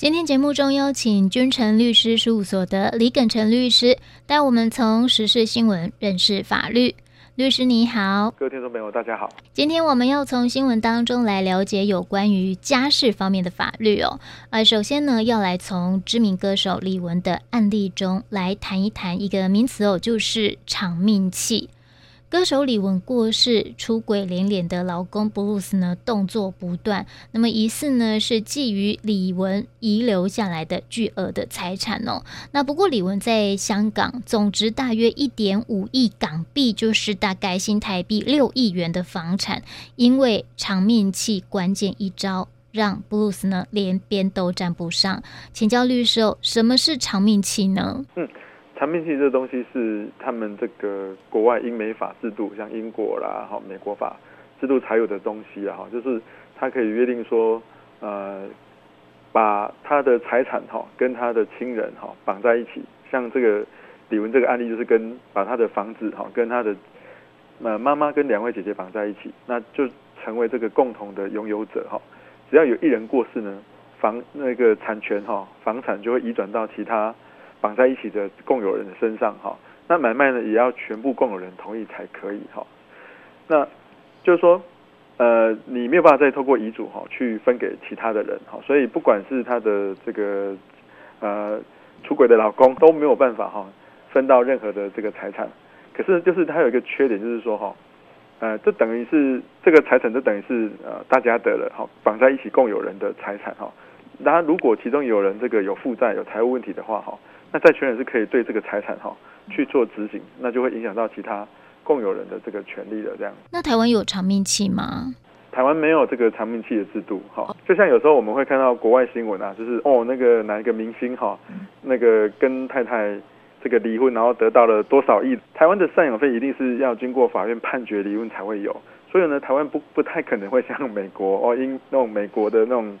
今天節目中邀請君誠律師事務所的李耿誠律師，帶我們從時事新聞認識法律。律師你好，各位聽眾朋友大家好。今天我們要從新聞當中來了解有關於家事方面的法律哦。呃，首先呢，要來從知名歌手李玟的案例中來談一談一個名詞哦，就是“長命契”。歌手李玟過世，出軌連連的老公布魯斯呢，動作不斷。那麼疑似呢是覬覦李玟遺留下來的巨額的財產哦。那不過李玟在香港總值大約一點五億港幣，就是大概新台幣六億元的房產，因為長命期關鍵一招，讓布魯斯呢連邊都沾不上。請教律師哦，什麼是長命期呢？嗯長命契這個東西是他們這個國外英美法制度，像英國啦、哈美國法制度才有的東西啊，就是他可以約定說，呃，把他的財產哈、哦、跟他的親人哈綁、哦、在一起，像這個李玟這個案例就是跟把他的房子哈、哦、跟他的呃媽媽跟兩位姐姐綁在一起，那就成為這個共同的擁有者哈、哦，只要有一人過世呢，房那個產權哈、哦、房產就會移轉到其他。綁在一起的共有人的身上哈，那買賣呢也要全部共有人同意才可以哈。那就是說，呃，你沒有辦法再透過遺囑哈去分給其他的人哈，所以不管是他的這個呃出軌的老公都沒有辦法哈分到任何的這個財產。可是就是他有一個缺點，就是說哈，呃，這等於是這個財產就等於是呃大家的了哈，綁在一起共有人的財產哈。那如果其中有人這個有負債有財務問題的話哈。那債權人是可以對這個財產哈去做執行，那就會影響到其他共有人的這個權利的。這樣，那台灣有長命器嗎？台灣沒有這個長命器的制度哈。就像有時候我們會看到國外新聞啊，就是哦那個哪一個明星哈，那個跟太太這個離婚，然後得到了多少億。台灣的贍養費一定是要經過法院判決離婚才會有，所以呢，台灣不不太可能會像美國哦，因那種美國的那種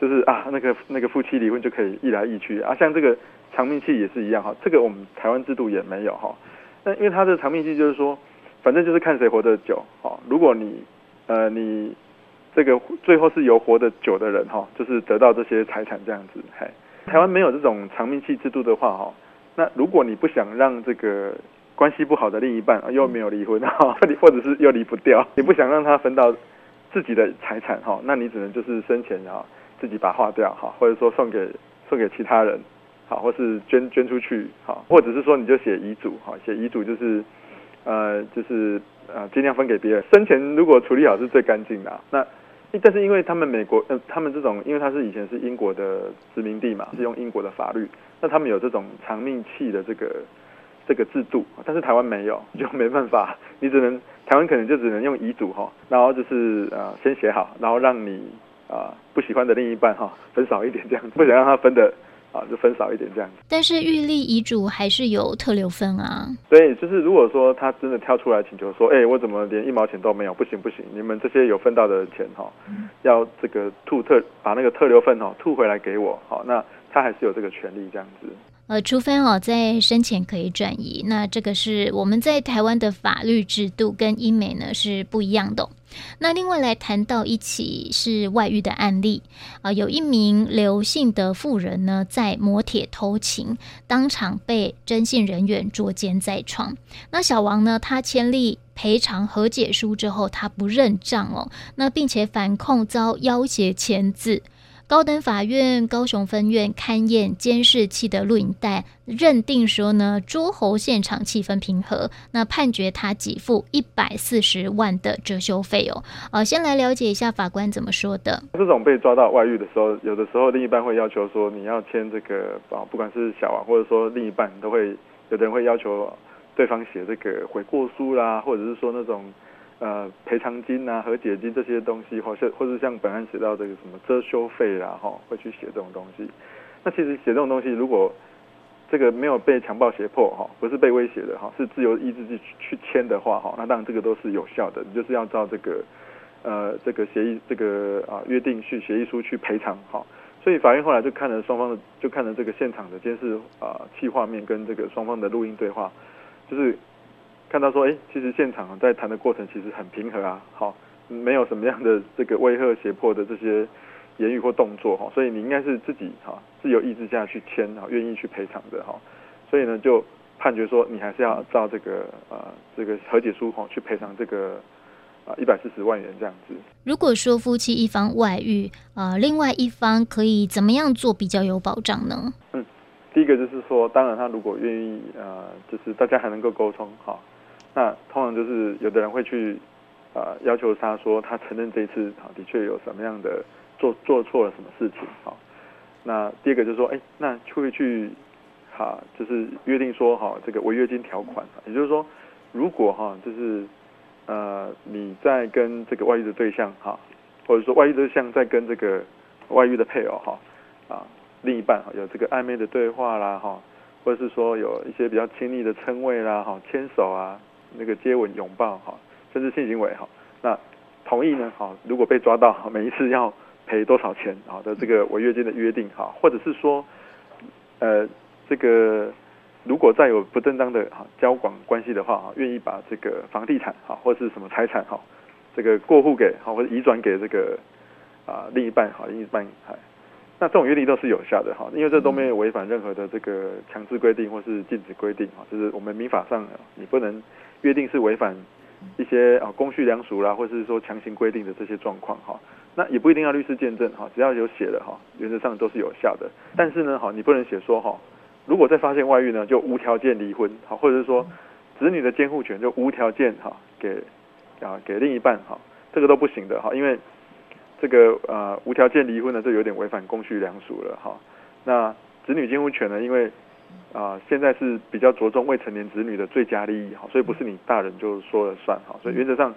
就是啊那個那個夫妻離婚就可以一來一去啊，像這個。長命契也是一樣哈，這個我們台灣制度也沒有哈。那因為它的長命契就是說，反正就是看誰活得久哈。如果你呃你這個最後是由活得久的人哈，就是得到這些財產這樣子。台灣沒有這種長命契制度的話哈，那如果你不想讓這個關係不好的另一半又沒有離婚哈，或者是又離不掉，你不想讓他分到自己的財產哈，那你只能就是生前然後自己把它花掉哈，或者說送給送給其他人。好，或是捐捐出去，好，或者是說你就寫遺囑，哈，寫遺囑就是，呃，就是呃，盡量分給別人。生前如果處理好是最乾淨的。那但是因為他們美國，呃他們這種因為他是以前是英國的殖民地嘛，是用英國的法律，那他們有這種長命器的這個這個制度，但是台灣沒有，就沒辦法，你只能台灣可能就只能用遺囑哈，然後就是呃先寫好，然後讓你啊、呃、不喜歡的另一半哈、哦、分少一點這樣，不想讓他分的。啊，就分少一點這樣。但是預立遺囑還是有特留分啊。所以就是如果說他真的跳出來請求說，哎、欸，我怎麼連一毛錢都沒有？不行不行，你們這些有分到的錢哈、哦，要這個吐特把那個特留分哦吐回來給我。好、哦，那他還是有這個權利這樣子。呃，除非哦在生前可以轉移，那這個是我們在台灣的法律制度跟英美呢是不一樣的。那另外來談到一起是外遇的案例啊，呃，有一名劉姓的婦人呢，在摩鐵偷情，當場被徵信人員捉奸在床。那小王呢，他簽立賠償和解書之後，他不認賬哦，那並且反控遭要挾簽字。高等法院高雄分院勘驗監視器的錄影帶，認定說呢，諸侯現場氣氛平和，那判決他給付一百四十萬的遮羞費哦。呃，先來了解一下法官怎麼說的。這種被抓到外遇的時候，有的時候另一半會要求說你要簽這個，保，不管是小王、啊、或者說另一半，都會有的人會要求對方寫這個悔過書啦，或者是說那種。呃，賠償金吶、啊、和解金這些東西，或是或者像本案寫到這個什麼遮羞費啊，哈，會去寫這種東西。那其實寫這種東西，如果這個沒有被強暴脅迫，哈，不是被威脅的，哈，是自由意志去去簽的話，哈，那當然這個都是有效的，你就是要照這個呃這個協議這個啊約定去協議書去賠償，哈。所以法院後來就看了雙方的，就看了這個現場的監視啊器畫面跟這個雙方的錄音對話，就是。看到說，哎、欸，其實現場在談的過程其實很平和啊，好、哦，沒有什麼樣的這個威嚇、脅迫的這些言語或動作哈、哦，所以你應該是自己哈、哦、自由意志下去簽啊，哦、願意去賠償的哈、哦，所以呢就判決說，你還是要照這個呃這個和解書哈、哦、去賠償這個一百四十萬元這樣子。如果說夫妻一方外遇、呃，另外一方可以怎麼樣做比較有保障呢？嗯，第一個就是說，當然他如果願意、呃，就是大家還能夠溝通哈。哦那通常就是有的人會去，呃，要求他說他承認這一次、啊、的確有什麼樣的做做錯了什麼事情，好、啊。那第二個就是說，哎、欸，那去不去，哈、啊，就是約定說、啊、這個違約金條款、啊，也就是說，如果哈、啊，就是，呃，你在跟這個外遇的對象哈、啊，或者說外遇對象在跟這個外遇的配偶哈，啊，另一半、啊、有這個曖昧的對話啦，哈、啊，或者是說有一些比較親密的稱謂啦，哈、啊，牽手啊。那個接吻擁抱哈，甚至性行為哈，那同意呢？好，如果被抓到，每一次要賠多少錢？好的這個違約金的約定哈，或者是說，呃，這個如果再有不正當的哈交往關係的話哈，願意把這個房地產哈，或是什麼財產哈，這個過戶給或者移轉給這個啊另一半哈，另一半。那這種約定都是有效的哈，因為這都沒有違反任何的這個強制規定或是禁止規定哈，就是我們民法上你不能約定是違反一些啊公序良俗啦，或是說強行規定的這些狀況哈，那也不一定要律師見證哈，只要有寫的哈，原則上都是有效的。但是呢哈，你不能寫說哈，如果再發現外遇呢，就無條件離婚哈，或者是說子女的監護權就無條件哈給啊給另一半哈，這個都不行的哈，因為。這個呃無條件離婚呢，就有點違反公序良俗了哈。那子女監護權呢，因為啊、呃、現在是比較着重未成年子女的最佳利益哈，所以不是你大人就說了算哈。所以原則上，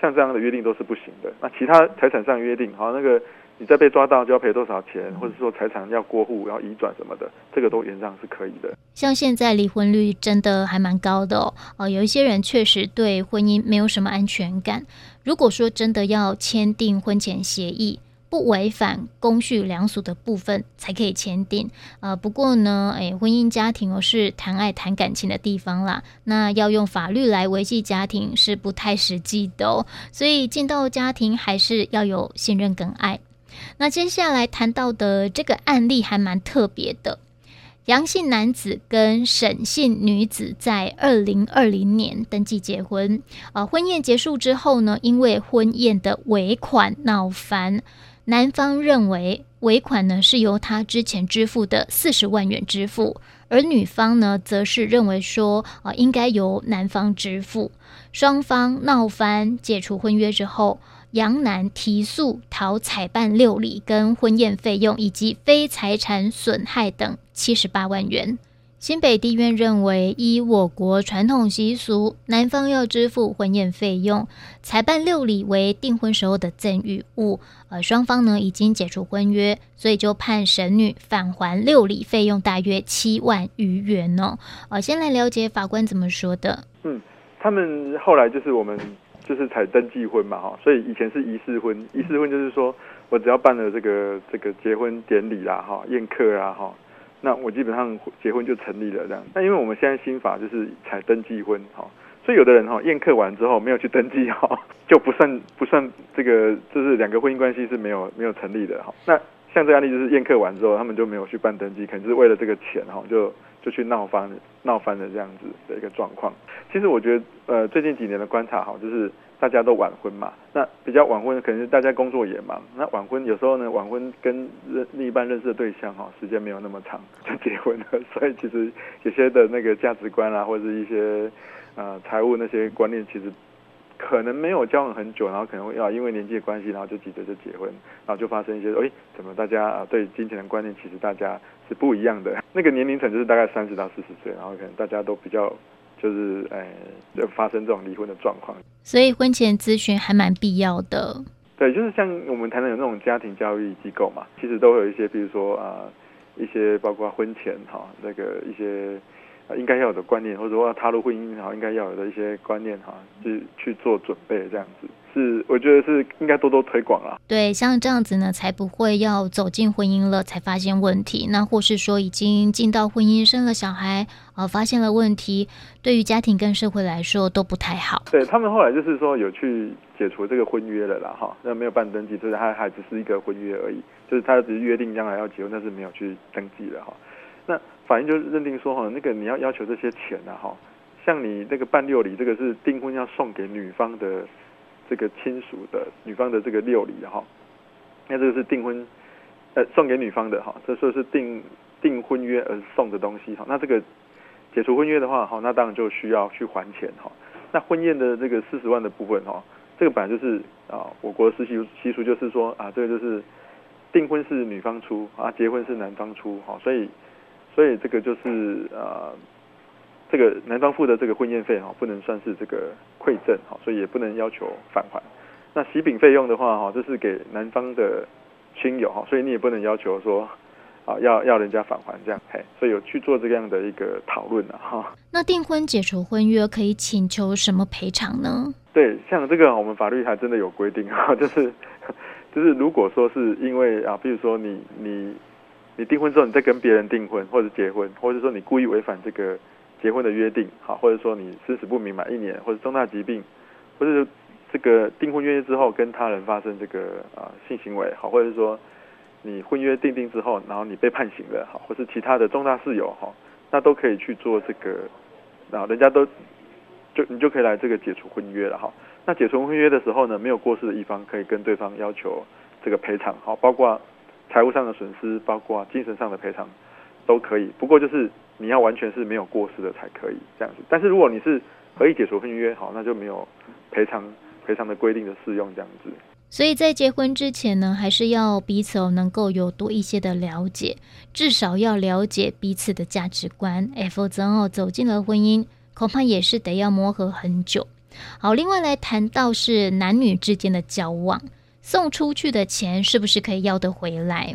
像這樣的約定都是不行的。嗯、那其他財產上約定哈，那個。你再被抓到就要賠多少錢，嗯、或者說財產要過戶、要移轉什麼的，這個都原則上是可以的。像現在離婚率真的還蠻高的哦，哦、呃，有一些人確實對婚姻沒有什麼安全感。如果說真的要簽訂婚前協議，不違反公序良俗的部分才可以簽訂。呃，不過呢，誒、欸，婚姻家庭哦是談愛、談感情的地方啦，那要用法律來維繫家庭是不太實際的哦。所以進到家庭還是要有信任、跟愛。那接下來談到的這個案例還蠻特別的，楊姓男子跟沈姓女子在二零二零年登記結婚，呃，婚宴結束之後呢，因為婚宴的尾款鬧翻，男方認為尾款呢是由他之前支付的四十萬元支付，而女方呢則是認為說，呃，應該由男方支付。雙方鬧翻，解除婚約之後。楊男提訴討採辦六禮跟婚宴費用以及非財產損害等七十八萬元，新北地院認為，依我國傳統習俗，男方要支付婚宴費用，採辦六禮為訂婚時候的贈與物，呃，雙方呢已經解除婚約，所以就判神女返還六禮費用大約七萬餘元哦。呃，先來了解法官怎麼說的。嗯，他們後來就是我們。就是採登記婚嘛，哈，所以以前是儀式婚，儀式婚就是說我只要辦了這個這個結婚典禮啦，哈，宴客啦、啊、哈，那我基本上結婚就成立了這樣。那因為我們現在新法就是採登記婚哈，所以有的人哈宴客完之後沒有去登記哈，就不算不算這個就是兩個婚姻關係是沒有沒有成立的哈。那像這個案例就是宴客完之後他們就沒有去辦登記，可能就是為了這個錢哈就。就去鬧翻，鬧翻的這樣子的一個狀況。其實我覺得，呃，最近幾年的觀察哈，就是大家都晚婚嘛。那比較晚婚，可能是大家工作也忙。那晚婚有時候呢，晚婚跟另另一半認識的對象哈，時間沒有那麼長就結婚了。所以其實有些的那個價值觀啊，或者是一些呃財務那些觀念，其實。可能沒有交往很久，然後可能要因為年紀的關係，然後就急着就結婚，然後就發生一些，哎，怎麼大家啊對金錢的觀念其實大家是不一樣的。那個年齡層就是大概三十到四十歲，然後可能大家都比較就是哎，就發生這種離婚的狀況。所以婚前諮詢還蠻必要的。對，就是像我們台南有那種家庭教育機構嘛，其實都有一些，比如說啊、呃，一些包括婚前哈、哦、那個一些。應該要有的觀念，或者說踏入婚姻然後應該要有的一些觀念哈，去去做準備，這樣子是我覺得是應該多多推廣了。對，像這樣子呢，才不會要走進婚姻了才發現問題，那或是說已經進到婚姻生了小孩啊、呃，發現了問題，對於家庭跟社會來說都不太好。對，他們後來就是說有去解除這個婚約了啦，哈，那沒有辦登記，就是他還只是一個婚約而已，就是他只是約定將來要結婚，但是沒有去登記的哈，那。反正就認定說哈，那個你要要求這些錢吶、啊、哈，像你那個辦六禮這個是訂婚要送給女方的這個親屬的女方的這個六禮的哈，那這個是訂婚呃送給女方的哈，這說是訂訂婚約而送的東西哈，那這個解除婚約的話哈，那當然就需要去還錢哈。那婚宴的這個四十萬的部分哈，這個本來就是啊，我國的習俗習俗就是說啊，這個就是訂婚是女方出啊，結婚是男方出哈，所以。所以這個就是，嗯、呃，這個男方付的這個婚宴費哈，哦，不能算是這個饋贈哈，所以也不能要求返還。那喜餅費用的話哈，哦，這，就是給男方的親友哈，哦，所以你也不能要求說啊要要人家返還這樣。嘿，所以有去做這樣的一個討論的哈。那訂婚解除婚約可以請求什麼賠償呢？對，像這個我們法律還真的有規定哈，哦，就是就是如果說是因為啊，比如說你你。你訂婚之後，你再跟別人訂婚，或者結婚，或者是說你故意違反這個結婚的約定，好，或者是說你生死不明滿一年，或者是重大疾病，或者是這個訂婚約約之後跟他人發生這個啊、呃、性行為，好，或者是說你婚約定定之後，然後你被判刑了，好，或者是其他的重大事由，哈，那都可以去做這個，那人家都就你就可以來這個解除婚約了，哈。那解除婚約的時候呢，沒有過失的一方可以跟對方要求這個賠償，好，包括。財務上的損失，包括精神上的賠償，都可以。不過就是你要完全是沒有過失的才可以這樣子。但是如果你是合意解除婚約，好，那就沒有賠償，賠償的規定的適用這樣子。所以在結婚之前呢，還是要彼此哦能夠有多一些的了解，至少要了解彼此的價值觀，欸，否則哦走進了婚姻，恐怕也是得要磨合很久。好，另外來談到是男女之間的交往。送出去的錢是不是可以要得回來？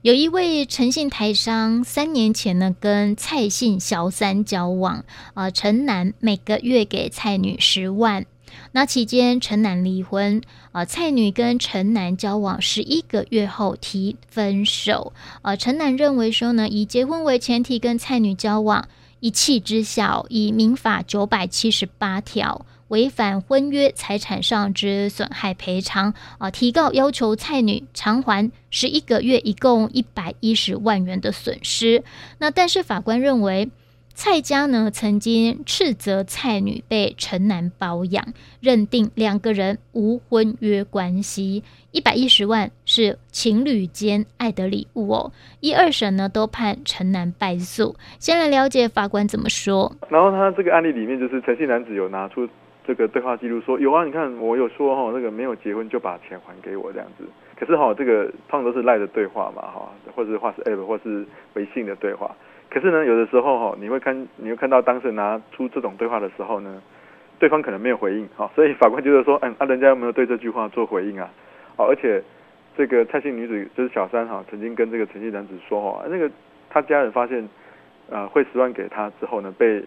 有一位陳姓台商三年前呢，跟蔡姓小三交往，啊、呃，陳男每個月給蔡女十萬，那期間陳男離婚，啊、呃，蔡女跟陳男交往十一個月後提分手，啊、呃，陳男認為說呢，以結婚為前提跟蔡女交往，一氣之下以民法九百七十八條。違反婚約財產上之損害賠償啊，提告要求蔡女償還十一個月一共一百一十萬元的損失。那但是法官認為蔡家呢曾經斥責蔡女被陳男包養，認定兩個人無婚約關係，一百一十萬是情侶間愛的禮物哦。一二審呢都判陳男敗訴。先來了解法官怎麼說。然後他這個案例裡面就是陳姓男子有拿出。這個對話記錄說有啊，你看我有說哈，那、哦，這個沒有結婚就把錢還給我這樣子。可是哈、哦，這個通常都是 LINE 的對話嘛哈、哦，或者是 WhatsApp 或是微信的對話。可是呢，有的時候哈、哦，你會看，你會看到當事人拿出這種對話的時候呢，對方可能沒有回應哈、哦，所以法官就是說，嗯，那、啊、人家有沒有對這句話做回應啊？哦，而且這個蔡姓女子就是小三哈、哦，曾經跟這個陳姓男子說，哦、那個他家人發現呃匯十萬給他之後呢，被。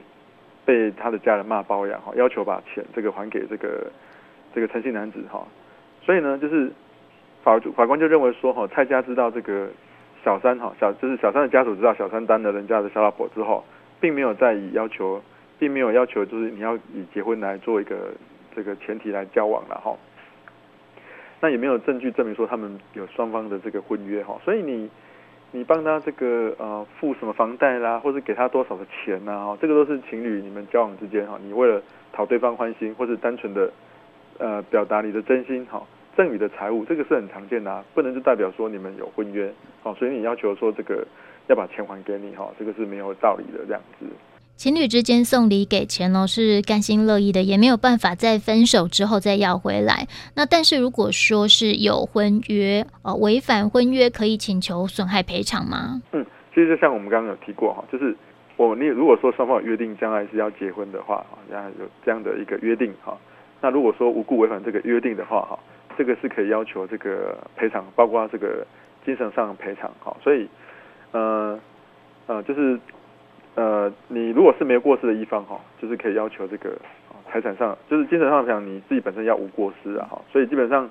被他的家人罵包養哈，要求把錢這個還給這個這個陳姓男子哈，所以呢，就是法法官就認為說哈，蔡家知道這個小三哈小就是小三的家屬知道小三當了人家的小老婆之後，並沒有再以要求，並沒有要求就是你要以結婚來做一個這個前提來交往了哈，那也沒有證據證明說他們有雙方的這個婚約哈，所以你。你幫他這個呃付什麼房貸啦，或是給他多少的錢吶、啊、哦，這個都是情侶你們交往之間哈、哦，你為了討對方歡心，或是單純的呃表達你的真心哈，哦，贈與的財物，這個是很常見的，啊，不能就代表說你們有婚約，好、哦，所以你要求說這個要把錢還給你哈、哦，這個是沒有道理的，這樣子。情侶之間送禮給錢哦，是甘心樂意的，也沒有辦法在分手之後再要回來。那但是如果說是有婚約哦，呃、違反婚約可以請求損害賠償嗎？嗯，其實就像我們剛剛有提過哈，就是我你如果說雙方有約定將來是要結婚的話，將來有這樣的一個約定哈，那如果說無故違反這個約定的話哈，這個是可以要求這個賠償，包括這個精神上的賠償哈。所以，呃，呃，就是。呃，你如果是沒有過失的一方哈，就是可以要求這個財產上，就是精神上講，你自己本身要無過失啊哈，所以基本上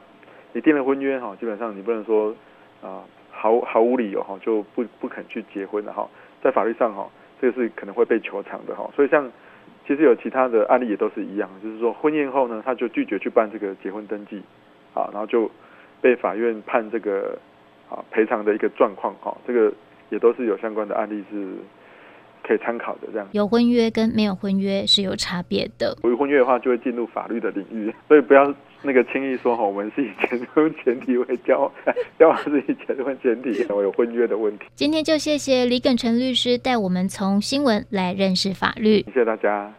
你訂了婚約哈，基本上你不能說啊毫毫無理由哈，就不不肯去結婚的哈，在法律上哈，這個是可能會被求償的哈，所以像其實有其他的案例也都是一樣，就是說婚宴後呢，他就拒絕去辦這個結婚登記啊，然後就被法院判這個啊賠償的一個狀況哈，這個也都是有相關的案例是可以參考的這樣，有婚約跟沒有婚約是有差別的。有婚約的話，就會進入法律的領域，所以不要那個輕易說好，我們是以結婚前提為交，交往是以結婚前提，有婚約的問題。今天就謝謝李耿誠律師帶我們從新聞來認識法律，謝謝大家。